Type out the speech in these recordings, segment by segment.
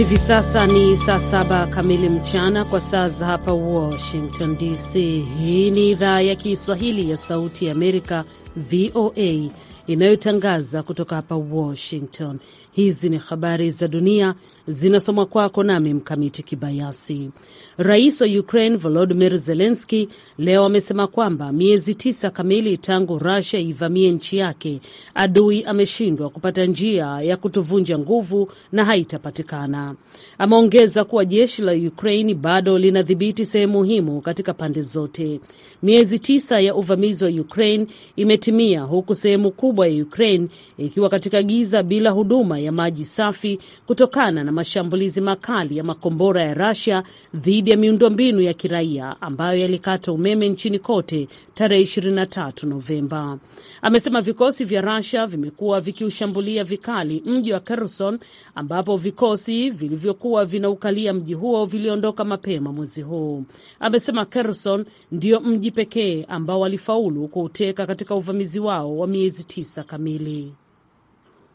Hivi sasa ni saa saba kamili mchana kwa saa za hapa Washington DC. Hii ni idhaa ya Kiswahili ya Sauti ya Amerika, VOA, inayotangaza kutoka hapa Washington. Hizi ni habari za dunia zinasoma kwako nami Mkamiti Kibayasi. Rais wa Ukraine Volodimir Zelenski leo amesema kwamba miezi tisa kamili tangu Rusia ivamie nchi yake, adui ameshindwa kupata njia ya kutuvunja nguvu na haitapatikana. Ameongeza kuwa jeshi la Ukraine bado linadhibiti sehemu muhimu katika pande zote. Miezi tisa ya uvamizi wa Ukraine imetimia huku sehemu kubwa ya Ukraine ikiwa katika giza bila huduma ya maji safi kutokana na mashambulizi makali ya makombora ya Russia dhidi ya miundombinu ya kiraia ambayo yalikata umeme nchini kote tarehe 23 Novemba. Amesema vikosi vya Russia vimekuwa vikiushambulia vikali mji wa Kherson ambapo vikosi vilivyokuwa vinaukalia mji huo viliondoka mapema mwezi huu. Amesema Kherson ndio mji pekee ambao walifaulu kuuteka katika uvamizi wao wa miezi tisa kamili.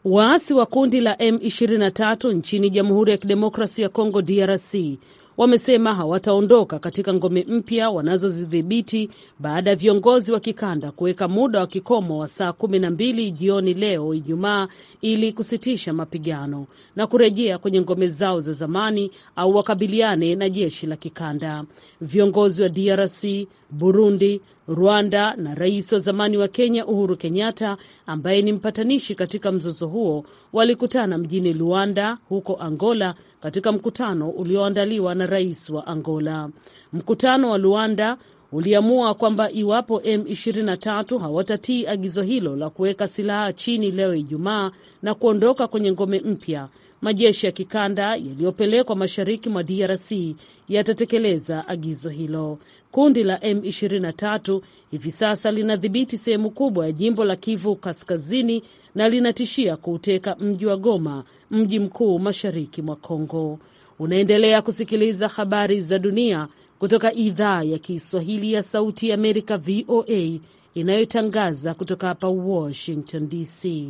Waasi wa kundi la M23 nchini Jamhuri ya Kidemokrasi ya Kongo DRC wamesema hawataondoka katika ngome mpya wanazozidhibiti baada ya viongozi wa kikanda kuweka muda wa kikomo wa saa 12 jioni leo Ijumaa ili kusitisha mapigano na kurejea kwenye ngome zao za zamani au wakabiliane na jeshi la kikanda. Viongozi wa DRC, Burundi, Rwanda na rais wa zamani wa Kenya Uhuru Kenyatta ambaye ni mpatanishi katika mzozo huo walikutana mjini Luanda huko Angola katika mkutano ulioandaliwa na rais wa Angola. Mkutano wa Luanda uliamua kwamba iwapo M23 hawatatii agizo hilo la kuweka silaha chini leo Ijumaa na kuondoka kwenye ngome mpya, majeshi ya kikanda yaliyopelekwa mashariki mwa DRC yatatekeleza agizo hilo. Kundi la M23 hivi sasa linadhibiti sehemu kubwa ya jimbo la Kivu Kaskazini na linatishia kuuteka mji wa Goma, mji mkuu mashariki mwa Kongo. Unaendelea kusikiliza habari za dunia kutoka idhaa ya Kiswahili ya Sauti ya Amerika, VOA, inayotangaza kutoka hapa Washington DC.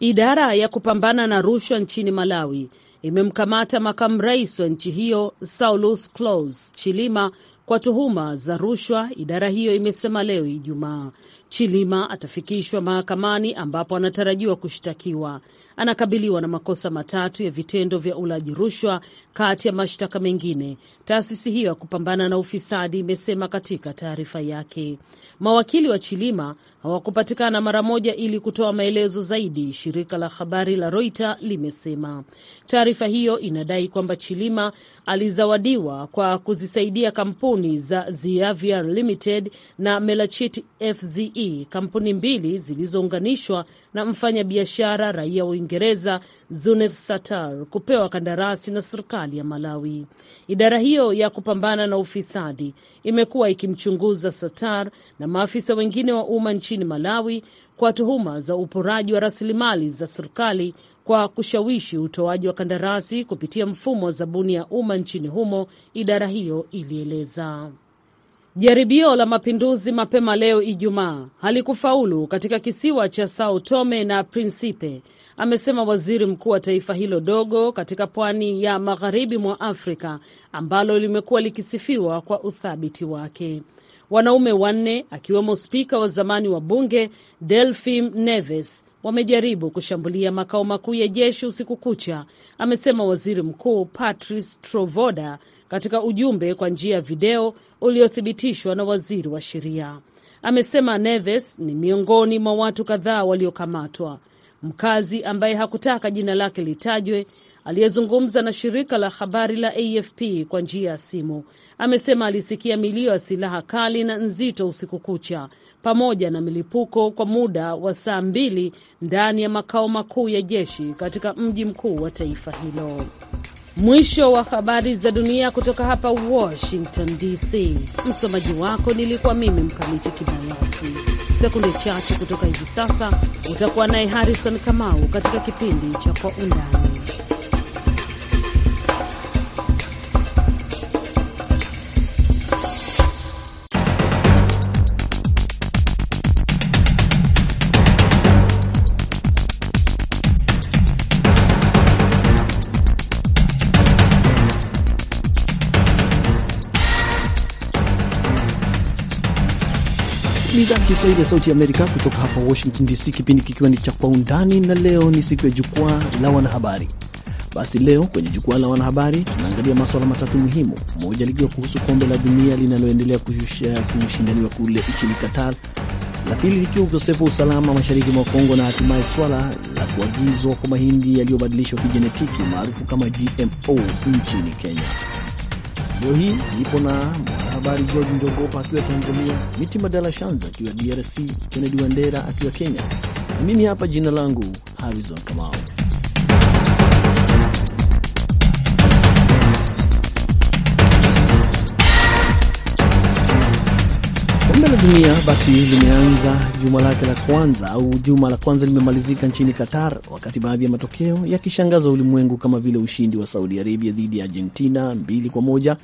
Idara ya kupambana na rushwa nchini Malawi imemkamata makamu rais wa nchi hiyo Saulus Klaus Chilima kwa tuhuma za rushwa, idara hiyo imesema leo Ijumaa. Chilima atafikishwa mahakamani ambapo anatarajiwa kushtakiwa anakabiliwa na makosa matatu ya vitendo vya ulaji rushwa kati ya mashtaka mengine, taasisi hiyo ya kupambana na ufisadi imesema katika taarifa yake. Mawakili wa Chilima hawakupatikana mara moja ili kutoa maelezo zaidi, shirika la habari la Reuters limesema. Taarifa hiyo inadai kwamba Chilima alizawadiwa kwa kuzisaidia kampuni za Ziavia Limited na Melachit FZE, kampuni mbili zilizounganishwa na mfanyabiashara raia wengi Uingereza Zuneth Satar kupewa kandarasi na serikali ya Malawi. Idara hiyo ya kupambana na ufisadi imekuwa ikimchunguza Satar na maafisa wengine wa umma nchini Malawi kwa tuhuma za uporaji wa rasilimali za serikali kwa kushawishi utoaji wa kandarasi kupitia mfumo wa zabuni ya umma nchini humo, idara hiyo ilieleza. Jaribio la mapinduzi mapema leo Ijumaa halikufaulu katika kisiwa cha Sao Tome na Principe, amesema waziri mkuu wa taifa hilo dogo katika pwani ya magharibi mwa Afrika ambalo limekuwa likisifiwa kwa uthabiti wake. Wanaume wanne akiwemo spika wa zamani wa bunge Delfim Neves wamejaribu kushambulia makao makuu ya jeshi usiku kucha, amesema waziri mkuu Patrice Trovoda katika ujumbe kwa njia ya video uliothibitishwa na waziri wa sheria. Amesema Neves ni miongoni mwa watu kadhaa waliokamatwa. Mkazi ambaye hakutaka jina lake litajwe aliyezungumza na shirika la habari la AFP kwa njia ya simu amesema alisikia milio ya silaha kali na nzito usiku kucha pamoja na milipuko kwa muda wa saa mbili ndani ya makao makuu ya jeshi katika mji mkuu wa taifa hilo. Mwisho wa habari za dunia kutoka hapa Washington DC. Msomaji wako nilikuwa mimi Mkamiti Kibayasi. Sekunde chache kutoka hivi sasa utakuwa naye Harrison Kamau katika kipindi cha Kwa Undani. ni idhaa Kiswahili ya Sauti ya Amerika kutoka hapa Washington DC, kipindi kikiwa ni cha Kwa Undani, na leo ni siku ya Jukwaa la Wanahabari. Basi leo kwenye Jukwaa la Wanahabari tunaangalia maswala matatu muhimu, moja likiwa kuhusu Kombe la Dunia linaloendelea kushindaniwa kule nchini Qatar, la pili likiwa ukosefu wa usalama mashariki mwa Kongo, na hatimaye swala la kuagizwa kwa mahindi yaliyobadilishwa kijenetiki maarufu kama GMO nchini Kenya. Leo hii nipo na mwanahabari George Njogopa akiwa Tanzania, Miti Madala Shanza akiwa DRC, Kennedy Wandera akiwa Kenya na mimi hapa, jina langu Harrison Kamau. Kombe la Dunia basi limeanza juma lake la kwanza au juma la kwanza limemalizika nchini Qatar, wakati baadhi ya matokeo yakishangaza ulimwengu kama vile ushindi wa Saudi Arabia dhidi ya Argentina mbili kwa moja.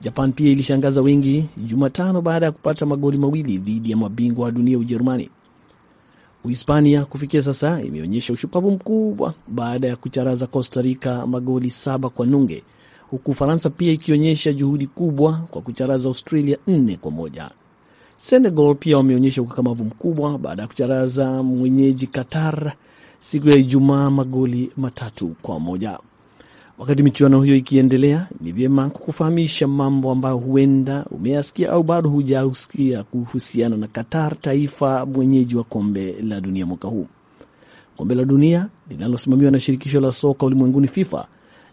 Japan pia ilishangaza wengi Jumatano baada ya kupata magoli mawili dhidi ya mabingwa wa dunia Ujerumani. Uhispania kufikia sasa imeonyesha ushupavu mkubwa baada ya kucharaza Costa Rica magoli saba kwa nunge, huku Ufaransa pia ikionyesha juhudi kubwa kwa kucharaza Australia nne kwa moja. Senegal pia wameonyesha ukakamavu mkubwa baada ya kucharaza mwenyeji Qatar siku ya Ijumaa magoli matatu kwa moja. Wakati michuano hiyo ikiendelea, ni vyema kukufahamisha mambo ambayo huenda umeyasikia au bado hujausikia kuhusiana na Qatar, taifa mwenyeji wa kombe la dunia mwaka huu. Kombe la dunia linalosimamiwa na shirikisho la soka ulimwenguni FIFA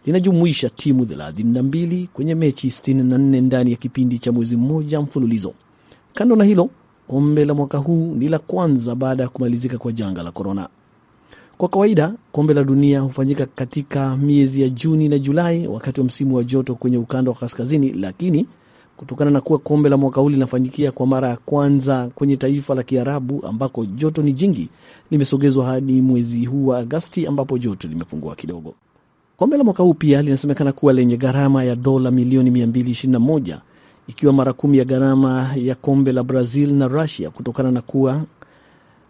linajumuisha timu 32 kwenye mechi 64 ndani ya kipindi cha mwezi mmoja mfululizo. Kando na hilo, kombe la mwaka huu ni la kwanza baada ya kumalizika kwa janga la korona. Kwa kawaida kombe la dunia hufanyika katika miezi ya Juni na Julai wakati wa msimu wa joto kwenye ukanda wa kaskazini, lakini kutokana na kuwa kombe la mwaka huu linafanyikia kwa mara ya kwanza kwenye taifa la Kiarabu ambako joto ni jingi, limesogezwa hadi mwezi huu wa Agasti ambapo joto limepungua kidogo. Kombe la mwaka huu pia linasemekana kuwa lenye gharama ya dola milioni 221 ikiwa mara kumi ya gharama ya kombe la Brazil na Russia kutokana na kuwa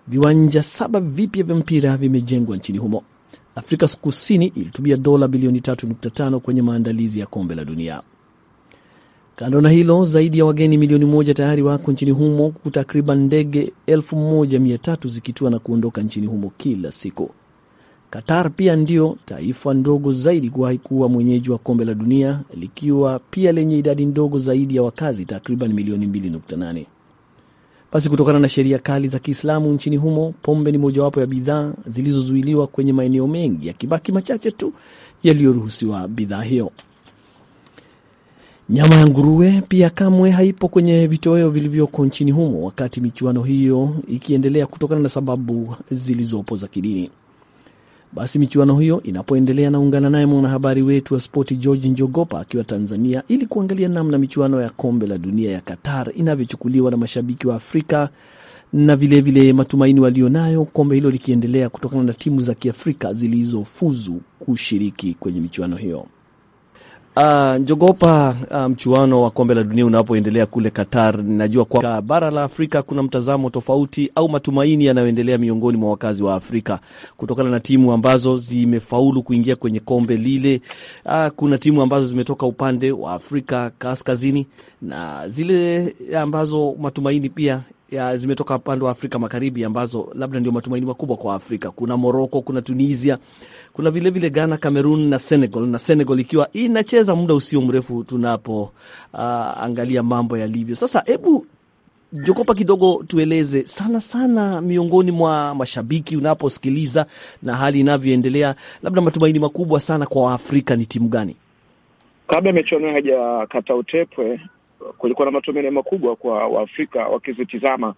viwanja saba vipya vya mpira vimejengwa nchini humo. Afrika Kusini ilitumia dola bilioni 3.5 kwenye maandalizi ya kombe la dunia. Kando na hilo, zaidi ya wageni milioni moja tayari wako nchini humo, huku takriban ndege 1300 zikitua na kuondoka nchini humo kila siku. Qatar pia ndio taifa ndogo zaidi kuwahi kuwa mwenyeji wa kombe la dunia likiwa pia lenye idadi ndogo zaidi ya wakazi takriban milioni 2.8. Basi kutokana na sheria kali za Kiislamu nchini humo, pombe ni mojawapo ya bidhaa zilizozuiliwa kwenye maeneo mengi, ya kibaki machache tu yaliyoruhusiwa bidhaa hiyo. Nyama ya nguruwe pia kamwe haipo kwenye vitoweo vilivyoko nchini humo, wakati michuano hiyo ikiendelea kutokana na sababu zilizopo za kidini. Basi michuano hiyo inapoendelea, naungana naye mwanahabari wetu wa spoti George Njogopa akiwa Tanzania ili kuangalia namna michuano ya kombe la dunia ya Qatar inavyochukuliwa na mashabiki wa Afrika na vilevile vile matumaini walionayo kombe hilo likiendelea kutokana na timu za Kiafrika zilizofuzu kushiriki kwenye michuano hiyo. Uh, njogopa uh, mchuano wa kombe la dunia unapoendelea kule Qatar, najua kwa bara la Afrika kuna mtazamo tofauti au matumaini yanayoendelea miongoni mwa wakazi wa Afrika kutokana na timu ambazo zimefaulu kuingia kwenye kombe lile. Uh, kuna timu ambazo zimetoka upande wa Afrika kaskazini na zile ambazo matumaini pia ya zimetoka upande wa Afrika magharibi ambazo labda ndio matumaini makubwa kwa Afrika. Kuna Moroko, kuna Tunisia kuna vilevile Ghana, Cameroon na Senegal, na Senegal ikiwa inacheza muda usio mrefu tunapoangalia ah, uh, mambo yalivyo sasa. Hebu Jokopa kidogo, tueleze sana sana miongoni mwa mashabiki unaposikiliza na hali inavyoendelea, labda matumaini makubwa sana kwa Waafrika ni timu gani? Kabla michuano yenyewe haijakata utepwe, kulikuwa na matumaini makubwa kwa Waafrika wakizitizama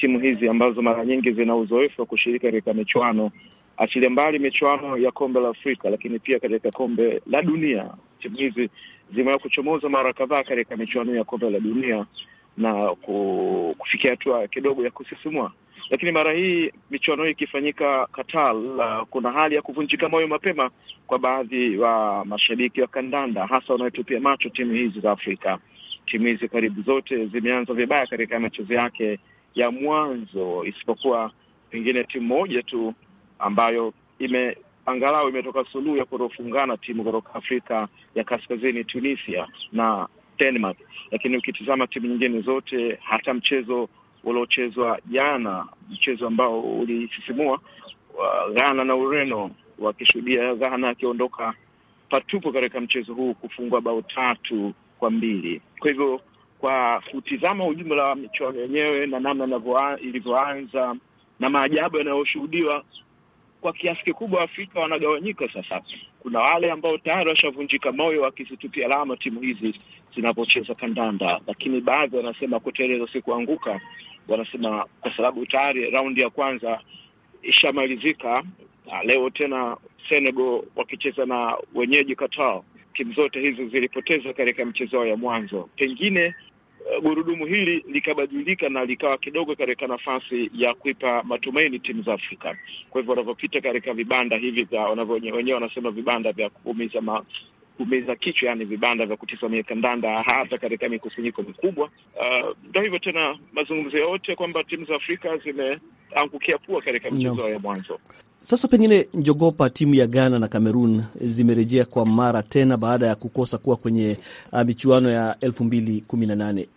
timu hizi ambazo mara nyingi zina uzoefu wa kushiriki katika michuano achilia mbali michuano ya kombe la Afrika, lakini pia katika kombe la dunia timu hizi zimewahi kuchomoza mara kadhaa katika michuano ya kombe la dunia na kufikia hatua kidogo ya kusisimua, lakini mara hii michuano hii ikifanyika Qatar, uh, kuna hali ya kuvunjika moyo mapema kwa baadhi wa mashabiki wa kandanda, hasa wanaotupia macho timu hizi za Afrika. Timu hizi karibu zote zimeanza vibaya katika michezo yake ya mwanzo, isipokuwa pengine timu moja tu ambayo ime angalau imetoka suluhu ya kutofungana timu kutoka Afrika ya Kaskazini, Tunisia na Denmark. Lakini ukitizama timu nyingine zote, hata mchezo uliochezwa jana, mchezo ambao ulisisimua Ghana na Ureno, wakishuhudia Ghana akiondoka patupo katika mchezo huu kufungwa bao tatu kwa mbili. Kwa hivyo kwa kutizama ujumla wa michuano yenyewe na namna ilivyoanza na maajabu yanayoshuhudiwa kwa kiasi kikubwa Afrika wanagawanyika sasa. Kuna wale ambao tayari washavunjika moyo wakizitupia lama timu hizi zinapocheza kandanda, lakini baadhi wanasema kuteleza si kuanguka. Wanasema kwa sababu tayari raundi ya kwanza ishamalizika. Leo tena Senegal wakicheza na wenyeji Qatar, timu zote hizi zilipoteza katika mchezo ya mwanzo, pengine Eh, gurudumu hili likabadilika na likawa kidogo katika nafasi ya kuipa matumaini timu za Afrika. Kwa hivyo wanavyopita katika vibanda hivi vya wenyewe wanasema vibanda vya kuumiza ma kumeza kichwa, yani vibanda vya kutizamia kandanda hata katika mikusanyiko mikubwa. Eh, Ndo uh, hivyo tena mazungumzo yote kwamba timu za Afrika zimeangukia pua katika mchezo no. ya mwanzo. Sasa pengine njogopa, timu ya Ghana na Cameroon zimerejea kwa mara tena baada ya kukosa kuwa kwenye uh, michuano ya elfu mbili kumi na nane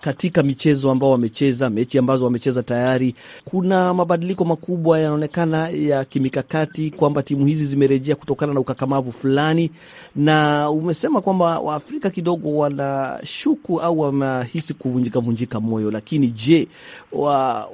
katika michezo ambao wamecheza, mechi ambazo wamecheza tayari, kuna mabadiliko makubwa yanaonekana ya kimikakati, kwamba timu hizi zimerejea kutokana na ukakamavu fulani, na umesema kwamba Waafrika kidogo wanashuku au wanahisi kuvunjikavunjika moyo. Lakini je, wa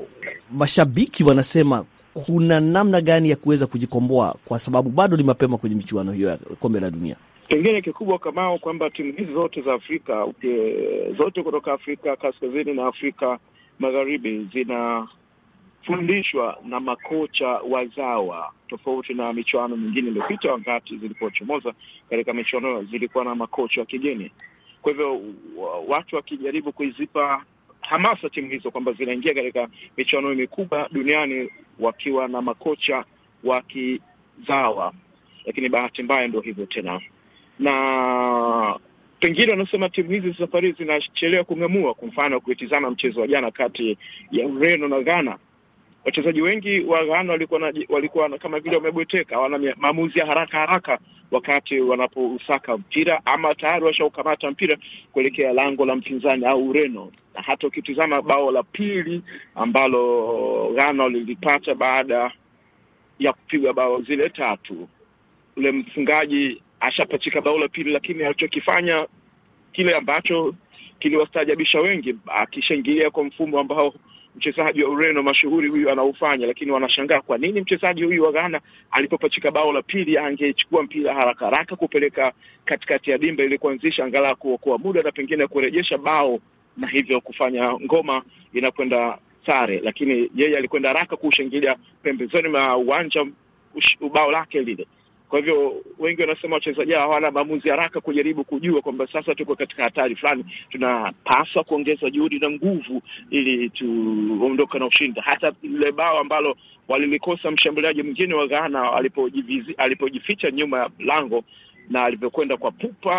mashabiki wanasema kuna namna gani ya kuweza kujikomboa, kwa sababu bado ni mapema kwenye michuano hiyo ya kombe la dunia? pengine kikubwa kamao kwamba timu hizi zote za Afrika e, zote kutoka Afrika kaskazini na Afrika magharibi zinafundishwa na makocha wazawa, tofauti na michuano mingine iliyopita, wakati zilipochomoza katika michuano zilikuwa na makocha wa kigeni. Kwa hivyo watu wakijaribu kuizipa hamasa timu hizo kwamba zinaingia katika michuano mikubwa duniani wakiwa na makocha wakizawa, lakini bahati mbaya ndio hivyo tena, na pengine wanasema timu hizi safari zinachelewa kung'amua. Kwa mfano, kuitizama mchezo wa jana kati ya Ureno na Ghana wachezaji wengi wa Ghana walikuwa na, walikuwa kama vile wamebweteka, wana maamuzi ya haraka haraka wakati wanapousaka mpira ama tayari washaukamata mpira kuelekea lango la mpinzani au Ureno. Na hata ukitizama bao la pili ambalo Ghana lilipata baada ya kupigwa bao zile tatu, ule mfungaji ashapachika bao la pili, lakini alichokifanya kile ambacho kiliwastaajabisha wengi, akishangilia kwa mfumo ambao mchezaji wa Ureno mashuhuri huyu anaufanya, lakini wanashangaa kwa nini mchezaji huyu wa Ghana alipopachika bao la pili angechukua mpira haraka haraka kupeleka katikati ya dimba ili kuanzisha angalau kuokoa muda na pengine kurejesha bao na hivyo kufanya ngoma inakwenda sare, lakini yeye alikwenda haraka kuushangilia pembezoni mwa uwanja ubao lake lile. Kwa hivyo wengi wanasema wachezaji hao hawana maamuzi haraka kujaribu kujua kwamba sasa tuko katika hatari fulani, tunapaswa kuongeza juhudi na nguvu ili tuondoka na ushindi. Hata lile bao ambalo walilikosa mshambuliaji mwingine wa Ghana alipojificha nyuma ya lango na alivyokwenda kwa pupa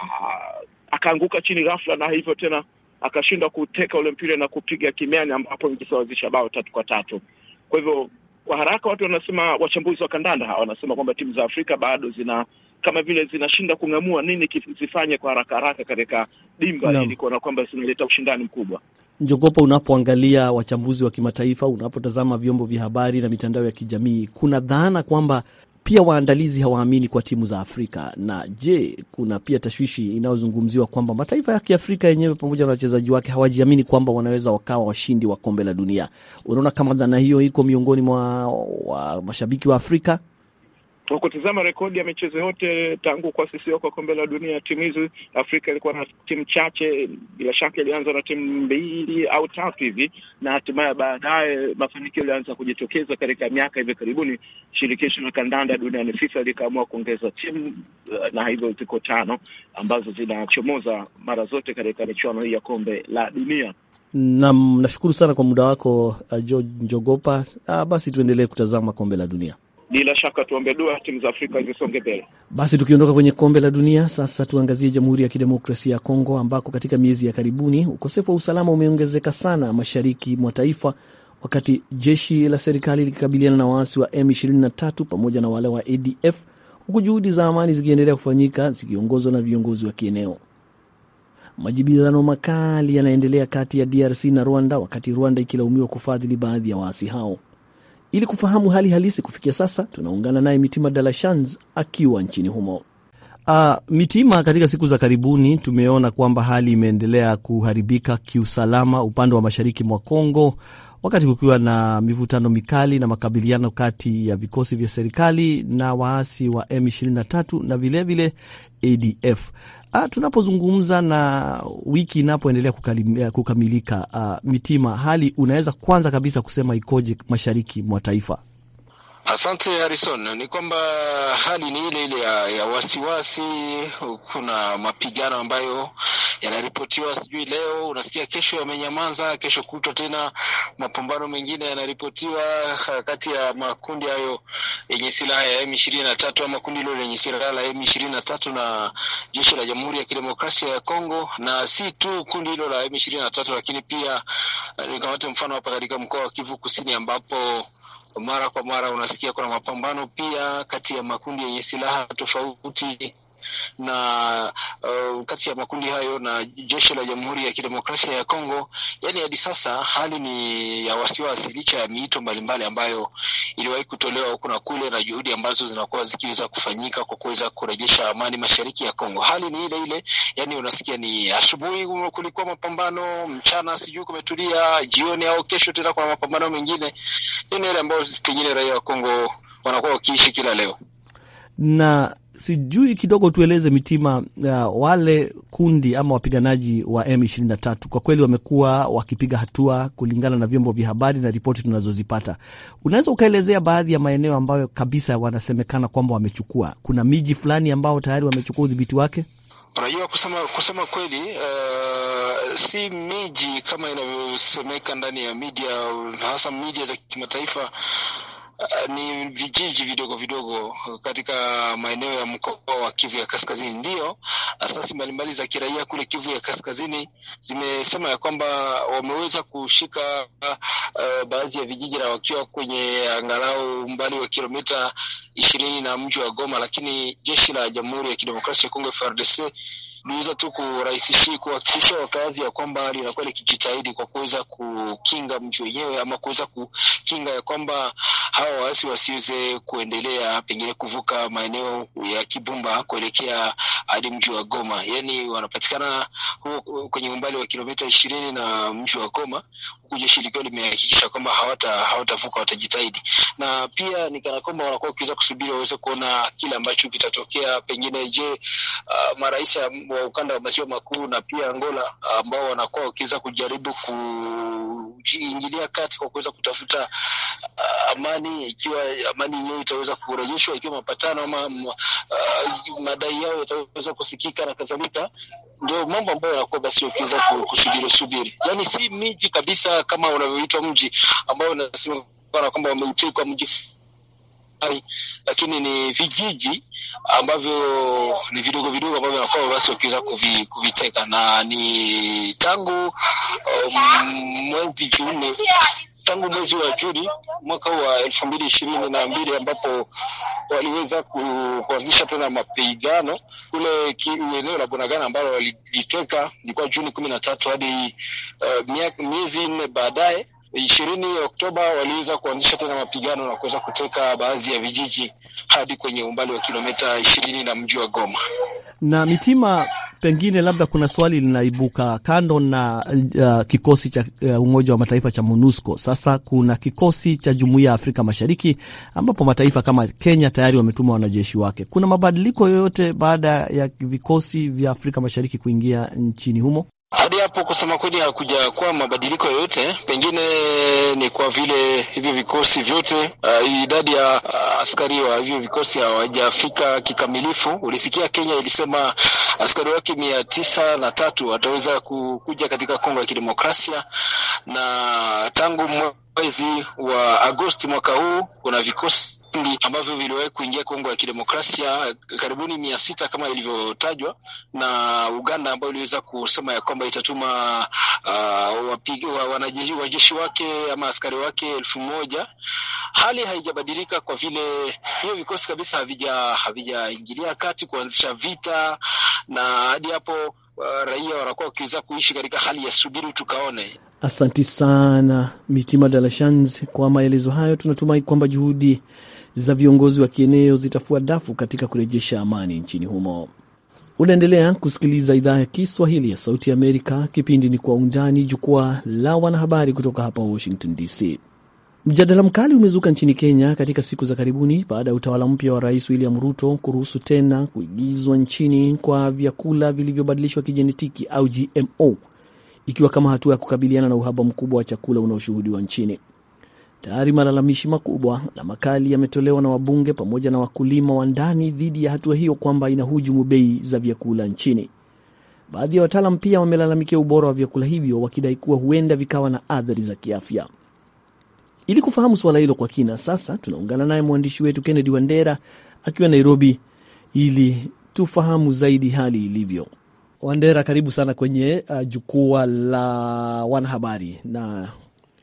ah, akaanguka chini ghafla, na hivyo tena akashindwa kuteka ule mpira na kupiga kimiani, ambapo ingesawazisha bao tatu kwa tatu. Kwa hivyo kwa haraka watu wanasema, wachambuzi wa kandanda hawa wanasema kwamba timu za Afrika bado zina kama vile zinashinda kung'amua nini kizifanye kwa haraka haraka katika dimba no. ili kuona kwamba zinaleta ushindani mkubwa. Njogopa, unapoangalia wachambuzi wa kimataifa, unapotazama vyombo vya habari na mitandao ya kijamii, kuna dhana kwamba pia waandalizi hawaamini kwa timu za Afrika. Na je, kuna pia tashwishi inayozungumziwa kwamba mataifa ya Kiafrika yenyewe pamoja na wachezaji wake hawajiamini kwamba wanaweza wakawa washindi wa kombe la dunia. Unaona kama dhana hiyo iko miongoni mwa mashabiki wa Afrika? kwa rekodi ya michezo yote tangu kuasisiwa kwa kombe la dunia, timu hizi Afrika ilikuwa na timu chache. Bila shaka ilianza na timu mbili au tatu hivi, na hatimaye baadaye mafanikio ilianza kujitokeza. Katika miaka hivi karibuni, shirikisho la kandanda duniani FIFA likaamua kuongeza timu eh, na hivyo ziko tano ambazo zinachomoza mara zote katika michuano hii ya kombe la dunia. Nam, nashukuru sana kwa muda wako George eh, Njogopa. Ah, basi tuendelee kutazama kombe la dunia bila shaka tuombe dua timu za Afrika zisonge mbele. Basi tukiondoka kwenye kombe la dunia sasa, tuangazie Jamhuri ya Kidemokrasia ya Kongo ambako katika miezi ya karibuni ukosefu wa usalama umeongezeka sana mashariki mwa taifa, wakati jeshi la serikali likikabiliana na waasi wa M23 pamoja na wale wa ADF, huku juhudi za amani zikiendelea kufanyika zikiongozwa na viongozi wa kieneo. Majibizano makali yanaendelea kati ya DRC na Rwanda, wakati Rwanda ikilaumiwa kufadhili baadhi ya waasi hao. Ili kufahamu hali halisi kufikia sasa, tunaungana naye Mitima Dalashans akiwa nchini humo. Uh, Mitima, katika siku za karibuni tumeona kwamba hali imeendelea kuharibika kiusalama upande wa mashariki mwa Kongo, wakati kukiwa na mivutano mikali na makabiliano kati ya vikosi vya serikali na waasi wa M23 na vilevile ADF. Ah, tunapozungumza na wiki inapoendelea kukamilika, a, ah, Mitima, hali unaweza kwanza kabisa kusema ikoje mashariki mwa taifa? Asante Harrison, ni kwamba hali ni ile ile ya, ya wasiwasi. Kuna mapigano ambayo yanaripotiwa sijui leo, unasikia kesho yamenyamaza, kesho kutwa tena mapambano mengine yanaripotiwa kati ya makundi hayo yenye silaha ya M23 ama kundi hilo lenye silaha la M23 na jeshi la Jamhuri ya Kidemokrasia ya Kongo, na si tu kundi hilo la M23, lakini pia eh, nikamate mfano hapa katika mkoa wa Kivu Kusini ambapo mara kwa mara unasikia kuna mapambano pia kati ya makundi yenye silaha tofauti na uh, kati ya makundi hayo na jeshi la Jamhuri ya Kidemokrasia ya Kongo. Yani hadi sasa hali ni ya wasiwasi, licha ya miito mbalimbali ambayo iliwahi kutolewa huku na kule na juhudi ambazo zinakuwa zikiweza kufanyika kwa kuweza kurejesha amani mashariki ya Kongo. Hali ni ile ile, yani unasikia ni asubuhi kulikuwa mapambano, mchana sijui kumetulia, jioni au kesho tena kuna mapambano mengine. Ni ile ambayo pengine raia wa Kongo wanakuwa wakiishi kila leo na sijui kidogo tueleze Mitima, uh, wale kundi ama wapiganaji wa M23 kwa kweli wamekuwa wakipiga hatua kulingana na vyombo vya habari na ripoti tunazozipata. Unaweza ukaelezea baadhi ya maeneo ambayo kabisa wanasemekana kwamba wamechukua? Kuna miji fulani ambao tayari wamechukua udhibiti wake? Unajua, kusema kusema kweli, uh, si miji kama inavyosemeka ndani ya media, hasa media za kimataifa Eh, ni vijiji vidogo vidogo eh, katika maeneo ya mkoa wa Kivu ya Kaskazini. Ndiyo asasi mbalimbali za kiraia kule Kivu ya Kaskazini zimesema ya kwamba wameweza kushika uh, baadhi ya vijiji na wakiwa kwenye angalau umbali wa kilomita ishirini na mji wa Goma, lakini jeshi la Jamhuri ya Kidemokrasia ya Kongo FARDC niweza tu kurahisishi kuhakikisha wakazi ya kwamba linakuwa likijitahidi kwa kuweza kukinga mji wenyewe ama kuweza kukinga ya kwamba hawa waasi wasiweze kuendelea pengine kuvuka maeneo ya Kibumba kuelekea hadi mji wa Goma. Yani wanapatikana huo kwenye umbali wa kilomita ishirini na mji wa Goma, huku jeshi likiwa limehakikisha kwamba hawatavuka watajitahidi, na pia ni kana kwamba wanakuwa wakiweza kusubiri waweze kuona kile ambacho kitatokea. Pengine je, uh, marais wa ukanda wa maziwa makuu na pia Angola ambao wanakuwa wakiweza kujaribu kujiingilia kati kwa kuweza kutafuta uh, amani, ikiwa amani yenyewe itaweza kurejeshwa, ikiwa mapatano ama uh, madai yao yataweza kusikika na kadhalika ndio mambo ambayo yanakuwa basi wakiweza kusubiri subiri, yaani si miji kabisa kama unavyoitwa mji ambao unasema kwamba wameutekwa mji habari, lakini ni vijiji ambavyo ni vidogo vidogo ambavyo wanakuwa basi wakiweza kuvi, kuviteka na ni tangu um, mwezi Juni tangu mwezi wa Juni mwaka wa elfu mbili ishirini na mbili ambapo waliweza kuanzisha tena mapigano kule eneo la Bunagana ambalo walijiteka ilikuwa Juni kumi na tatu hadi uh, miezi nne baadaye ishirini Oktoba waliweza kuanzisha tena mapigano na kuweza kuteka baadhi ya vijiji hadi kwenye umbali wa kilomita ishirini na mji wa Goma na Mitima. Pengine labda kuna swali linaibuka kando na uh, kikosi cha uh, Umoja wa Mataifa cha MONUSCO. Sasa kuna kikosi cha Jumuiya ya Afrika Mashariki ambapo mataifa kama Kenya tayari wametuma wanajeshi wake. Kuna mabadiliko yoyote baada ya vikosi vya Afrika Mashariki kuingia nchini humo? Hadi hapo kusema kweli, hakuja kuwa mabadiliko yoyote. Pengine ni kwa vile hivyo vikosi vyote, uh, idadi ya uh, askari wa hivyo vikosi hawajafika kikamilifu. Ulisikia Kenya ilisema askari wake mia tisa na tatu wataweza kuja katika Kongo ya Kidemokrasia, na tangu mwezi wa Agosti mwaka huu kuna vikosi vikundi ambavyo viliwahi kuingia Kongo ya Kidemokrasia karibuni mia sita kama ilivyotajwa na Uganda, ambayo iliweza kusema ya kwamba itatuma uh, wanajeshi wa, wa wake ama askari wake elfu moja. Hali haijabadilika kwa vile hiyo vikosi kabisa havija havijaingilia kati kuanzisha vita na hadi hapo uh, raia wanakuwa wakiweza kuishi katika hali ya subiri tukaone. Asanti sana Mitima Dalashans kwa maelezo hayo. Tunatumai kwamba juhudi za viongozi wa kieneo zitafua dafu katika kurejesha amani nchini humo. Unaendelea kusikiliza idhaa ya Kiswahili ya Sauti Amerika. Kipindi ni Kwa Undani, jukwaa la wanahabari kutoka hapa Washington DC. Mjadala mkali umezuka nchini Kenya katika siku za karibuni baada ya utawala mpya wa Rais William Ruto kuruhusu tena kuigizwa nchini kwa vyakula vilivyobadilishwa kijenetiki au GMO, ikiwa kama hatua ya kukabiliana na uhaba mkubwa wa chakula unaoshuhudiwa nchini. Tayari malalamishi makubwa na makali yametolewa na wabunge pamoja na wakulima wa ndani dhidi ya hatua hiyo kwamba inahujumu bei za vyakula nchini. Baadhi ya wataalam pia wamelalamikia ubora wa vyakula hivyo wakidai kuwa huenda vikawa na athari za kiafya. Ili kufahamu suala hilo kwa kina, sasa tunaungana naye mwandishi wetu Kennedy Wandera akiwa Nairobi ili tufahamu zaidi hali ilivyo. Wandera, karibu sana kwenye uh, jukwaa la wanahabari, na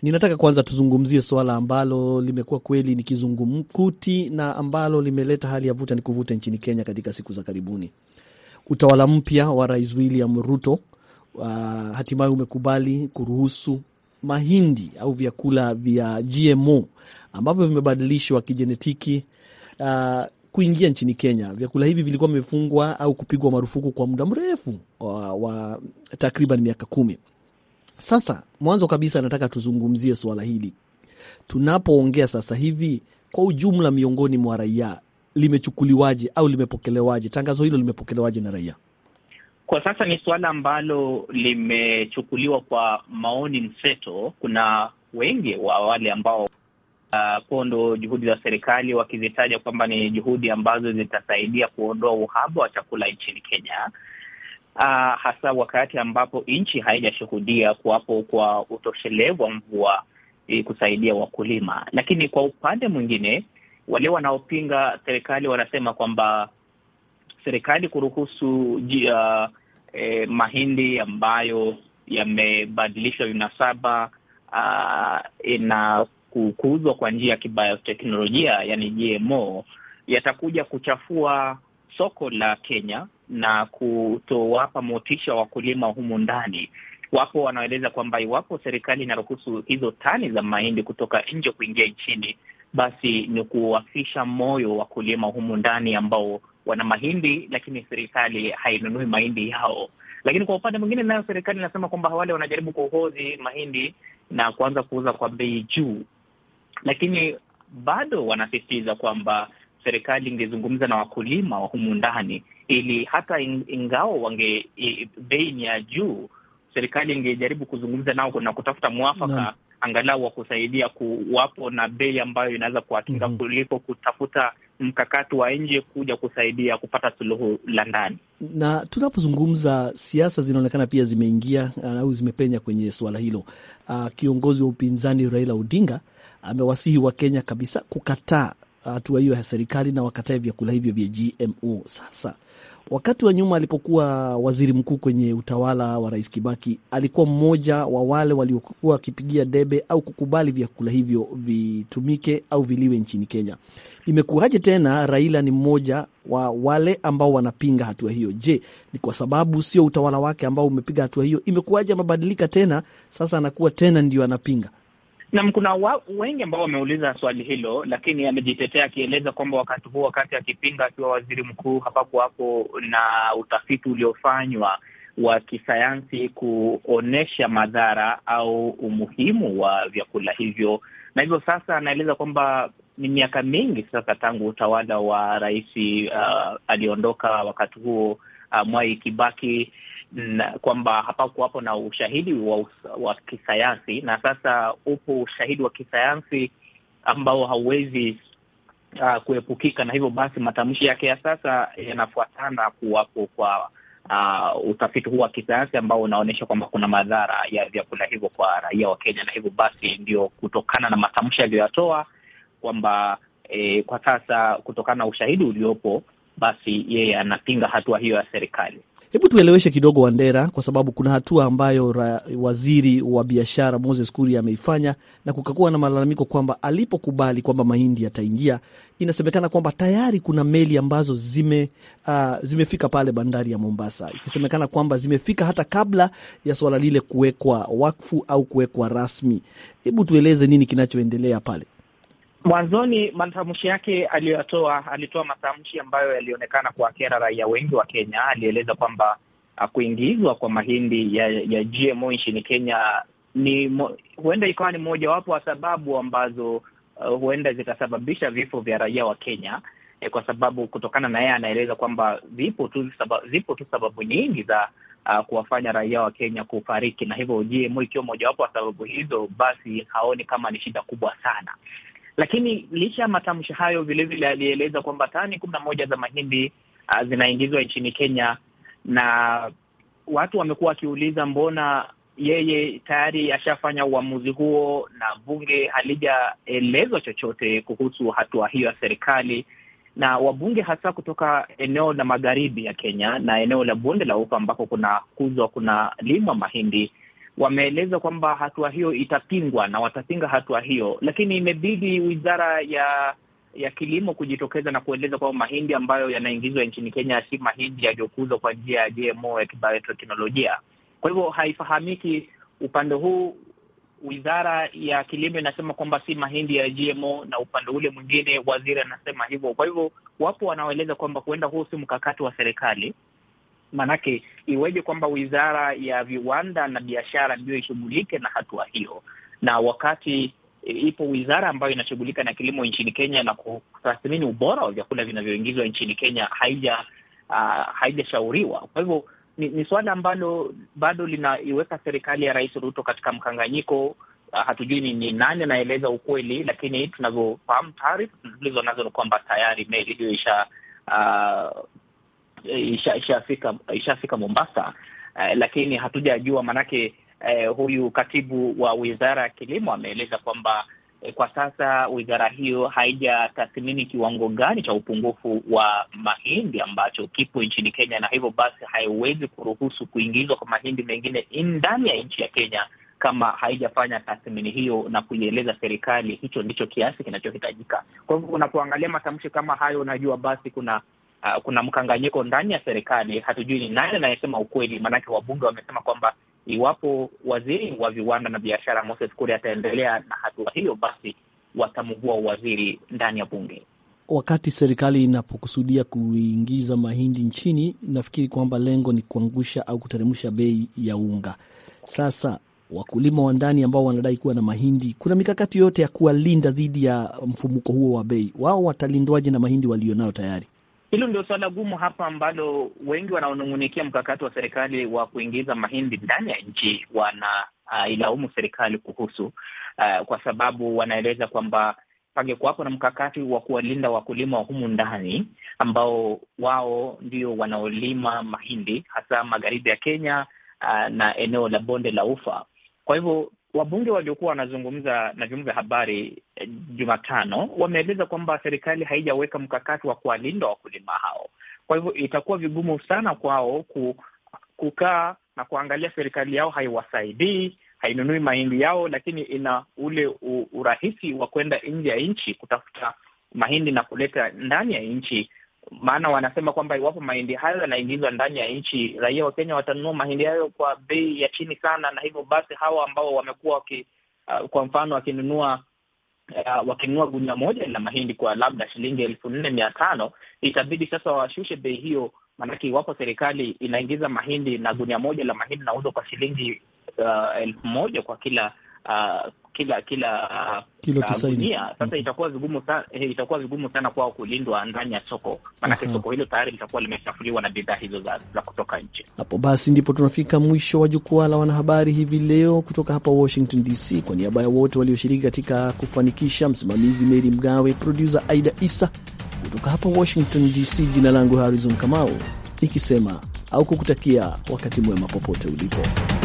Ninataka kwanza tuzungumzie suala ambalo limekuwa kweli ni kizungumkuti na ambalo limeleta hali ya vuta ni kuvuta nchini Kenya katika siku za karibuni. Utawala mpya wa Rais William Ruto uh, hatimaye umekubali kuruhusu mahindi au vyakula vya GMO ambavyo vimebadilishwa kijenetiki uh, kuingia nchini Kenya. Vyakula hivi vilikuwa vimefungwa au kupigwa marufuku kwa muda mrefu wa, uh, wa takriban miaka kumi. Sasa mwanzo kabisa, nataka tuzungumzie suala hili tunapoongea sasa hivi, kwa ujumla miongoni mwa raia limechukuliwaje au limepokelewaje? Tangazo hilo limepokelewaje na raia? Kwa sasa ni suala ambalo limechukuliwa kwa maoni mseto. Kuna wengi wa wale ambao uh, kuondo juhudi za serikali wakizitaja kwamba ni juhudi ambazo zitasaidia kuondoa uhaba wa chakula nchini Kenya, uh, hasa wakati ambapo nchi haijashuhudia kuwapo kwa utoshelevu wa mvua eh, kusaidia wakulima. Lakini kwa upande mwingine, wale wanaopinga serikali wanasema kwamba serikali kuruhusu uh, eh, mahindi ambayo yamebadilishwa vinasaba uh, na kuuzwa kwa njia ya kibayoteknolojia yani GMO yatakuja kuchafua soko la Kenya na kutowapa motisha wakulima humu ndani. Wapo wanaeleza kwamba iwapo serikali inaruhusu hizo tani za mahindi kutoka nje kuingia nchini, basi ni kuwafisha moyo wakulima humu ndani ambao wana mahindi, lakini serikali hainunui mahindi yao. Lakini kwa upande mwingine, nayo serikali inasema kwamba wale wanajaribu kuhodhi mahindi na kuanza kuuza kwa bei juu, lakini bado wanasisitiza kwamba serikali ingezungumza na wakulima wa humu ndani, ili hata ingawa wange bei ni ya juu, serikali ingejaribu kuzungumza nao na kutafuta mwafaka no. angalau wa kusaidia kuwapo na bei ambayo inaweza kuwakinga mm -hmm. kuliko kutafuta mkakati wa nje kuja kusaidia kupata suluhu la ndani. Na tunapozungumza siasa zinaonekana pia zimeingia uh, au zimepenya kwenye suala hilo. Uh, kiongozi wa upinzani Raila Odinga amewasihi Wakenya kabisa kukataa hatua hiyo ya serikali na wakatae vyakula hivyo vya GMO. Sasa wakati wa nyuma alipokuwa waziri mkuu kwenye utawala wa Rais Kibaki alikuwa mmoja wa wale waliokuwa wakipigia debe au kukubali vyakula hivyo vitumike au viliwe nchini Kenya. Imekuwaje tena Raila ni mmoja wa wale ambao wanapinga hatua hiyo? Je, ni kwa sababu sio utawala wake ambao umepiga hatua hiyo? Imekuwaje amebadilika tena sasa, anakuwa tena ndio anapinga? Naam, kuna wa, wengi ambao wameuliza swali hilo, lakini amejitetea akieleza kwamba wakati huo, wakati akipinga akiwa waziri mkuu, hapakuwapo na utafiti uliofanywa wa kisayansi kuonyesha madhara au umuhimu wa vyakula hivyo, na hivyo sasa anaeleza kwamba ni miaka mingi sasa tangu utawala wa rais uh, aliondoka wakati huo uh, Mwai Kibaki kwamba hapakuwapo na ushahidi wa, wa kisayansi, na sasa upo ushahidi wa kisayansi ambao hauwezi uh, kuepukika, na hivyo basi matamshi yake ya sasa yanafuatana kuwapo kwa Uh, utafiti huu wa kisayansi ambao unaonyesha kwamba kuna madhara ya vyakula hivyo kwa raia wa Kenya, na hivyo basi ndio kutokana na matamshi aliyoyatoa kwamba E, kwa sasa kutokana na ushahidi uliopo, basi yeye anapinga hatua hiyo ya serikali. Hebu tueleweshe kidogo, Wandera, kwa sababu kuna hatua ambayo ra, waziri wa biashara Moses kuri ameifanya na kukakuwa na malalamiko kwamba alipokubali kwamba mahindi yataingia, inasemekana kwamba tayari kuna meli ambazo zime, uh, zimefika pale bandari ya Mombasa, ikisemekana kwamba zimefika hata kabla ya swala lile kuwekwa wakfu au kuwekwa rasmi. Hebu tueleze nini kinachoendelea pale? Mwanzoni matamshi yake aliyoyatoa, alitoa matamshi ambayo yalionekana kuwakera raia wengi wa Kenya. Alieleza kwamba ah, kuingizwa kwa mahindi ya, ya GMO nchini Kenya ni huenda ikawa ni mojawapo wa sababu ambazo uh, huenda zikasababisha vifo vya raia wa Kenya eh, kwa sababu kutokana na yeye anaeleza kwamba zipo tu sababu, zipo tu sababu nyingi za uh, kuwafanya raia wa Kenya kufariki, na hivyo GMO ikiwa mojawapo wa sababu hizo, basi haoni kama ni shida kubwa sana. Lakini licha ya matamshi hayo, vilevile alieleza kwamba tani kumi na moja za mahindi uh, zinaingizwa nchini Kenya, na watu wamekuwa wakiuliza mbona yeye tayari ashafanya uamuzi huo na bunge halijaelezwa chochote kuhusu hatua hiyo ya serikali. Na wabunge hasa kutoka eneo la magharibi ya Kenya na eneo la bonde la Ufa ambako kuna kuzwa kuna limwa mahindi wameeleza kwamba hatua hiyo itapingwa na watapinga hatua hiyo, lakini imebidi wizara ya ya kilimo kujitokeza na kueleza kwamba mahindi ambayo yanaingizwa nchini Kenya si mahindi yaliyokuzwa kwa njia ya GMO ya kibayoteknolojia. Kwa hivyo haifahamiki upande huu wizara ya kilimo inasema kwamba si mahindi ya GMO na upande ule mwingine waziri anasema hivyo. Kwa hivyo wapo wanaoeleza kwamba huenda huu si mkakati wa serikali, maanake iweje kwamba wizara ya viwanda na biashara ndiyo ishughulike na hatua hiyo, na wakati e, ipo wizara ambayo inashughulika na kilimo nchini Kenya na kutathmini ubora wa vyakula vinavyoingizwa nchini Kenya haija uh, haijashauriwa. Kwa hivyo ni, ni suala ambalo bado linaiweka serikali ya Rais Ruto katika mkanganyiko uh, hatujui ni, ni nani anaeleza ukweli, lakini tunavyofahamu taarifa tulizo nazo ni kwamba tayari meli hiyo isha uh, Eh, ishafika ishafika Mombasa eh, lakini hatujajua maanake eh, huyu katibu wa wizara ya kilimo ameeleza kwamba eh, kwa sasa wizara hiyo haijatathmini kiwango gani cha upungufu wa mahindi ambacho kipo nchini Kenya, na hivyo basi haiwezi kuruhusu kuingizwa kwa mahindi mengine ndani ya nchi ya Kenya kama haijafanya tathmini hiyo na kuieleza serikali hicho ndicho kiasi kinachohitajika. Kwa hivyo unapoangalia matamshi kama hayo, unajua basi kuna uh, kuna mkanganyiko ndani ya serikali. Hatujui ni nani anayesema ukweli, maanake wabunge wamesema kwamba iwapo waziri wa viwanda na biashara Moses Kuri ataendelea na hatua hiyo, basi watamvua uwaziri ndani ya bunge. Wakati serikali inapokusudia kuingiza mahindi nchini, nafikiri kwamba lengo ni kuangusha au kuteremsha bei ya unga. Sasa wakulima wa ndani ambao wanadai kuwa na mahindi, kuna mikakati yote ya kuwalinda dhidi ya mfumuko huo wa bei? Wao watalindwaje na mahindi walionayo tayari? Hilo ndio suala gumu hapa ambalo wengi wanaonung'unikia mkakati wa serikali wa kuingiza mahindi ndani ya nchi wana uh, ilaumu serikali kuhusu uh, kwa sababu wanaeleza kwamba pangekuwapo na mkakati wa kuwalinda wakulima wa humu ndani ambao wao ndio wanaolima mahindi hasa magharibi ya Kenya uh, na eneo la bonde la Ufa. Kwa hivyo Wabunge waliokuwa wanazungumza na vyombo vya habari eh, Jumatano wameeleza kwamba serikali haijaweka mkakati wa kuwalinda wakulima hao. Kwa hivyo itakuwa vigumu sana kwao kukaa na kuangalia serikali yao haiwasaidii, hainunui mahindi yao, lakini ina ule urahisi wa kwenda nje ya nchi kutafuta mahindi na kuleta ndani ya nchi maana wanasema kwamba iwapo mahindi hayo yanaingizwa ndani ya nchi, raia wa Kenya watanunua mahindi hayo kwa bei ya chini sana, na hivyo basi hawa ambao wamekuwa waki, uh, kwa mfano wakinunua uh, wakinunua gunia moja la mahindi kwa labda shilingi elfu nne mia tano itabidi sasa washushe bei hiyo, maanake iwapo serikali inaingiza mahindi na gunia moja la mahindi nauzwa kwa shilingi uh, elfu moja kwa kila uh, kila kila kilo uh, tisaini. Sasa mm-hmm. itakuwa vigumu sana, eh, itakuwa vigumu sana kwao kulindwa ndani ya soko, maanake mm-hmm. soko hilo tayari litakuwa limechafuliwa na bidhaa hizo za, za kutoka nje. Hapo basi ndipo tunafika mwisho wa jukwaa la wanahabari hivi leo kutoka hapa Washington DC. Kwa niaba ya wote walioshiriki katika kufanikisha, msimamizi Mary Mgawe, producer Aida Isa, kutoka hapa Washington DC, jina langu Harrison Kamau nikisema au kukutakia wakati mwema popote ulipo.